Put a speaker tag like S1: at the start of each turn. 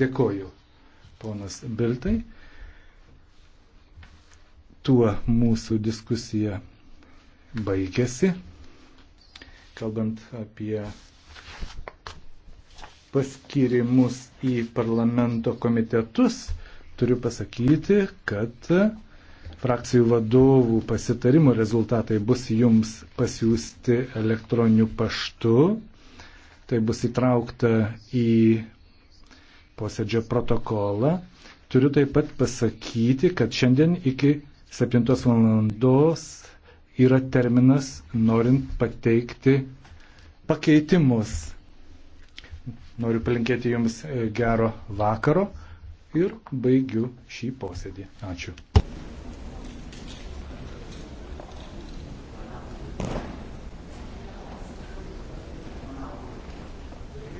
S1: Dėkoju, ponas Biltai. Tuo mūsų diskusija baigėsi, kalbant apie paskirimus į parlamento komitetus. Turiu pasakyti, kad frakcijų vadovų pasitarimo rezultatai bus jums pasiūsti elektroniniu paštu. Tai bus įtraukta į posėdžio protokolą. Turiu taip pat pasakyti, kad šiandien iki 7 valandos yra terminas norint pateikti pakeitimus. Noriu palinkėti Jums e, gero vakaro ir baigiu šį posėdį. Ačiū.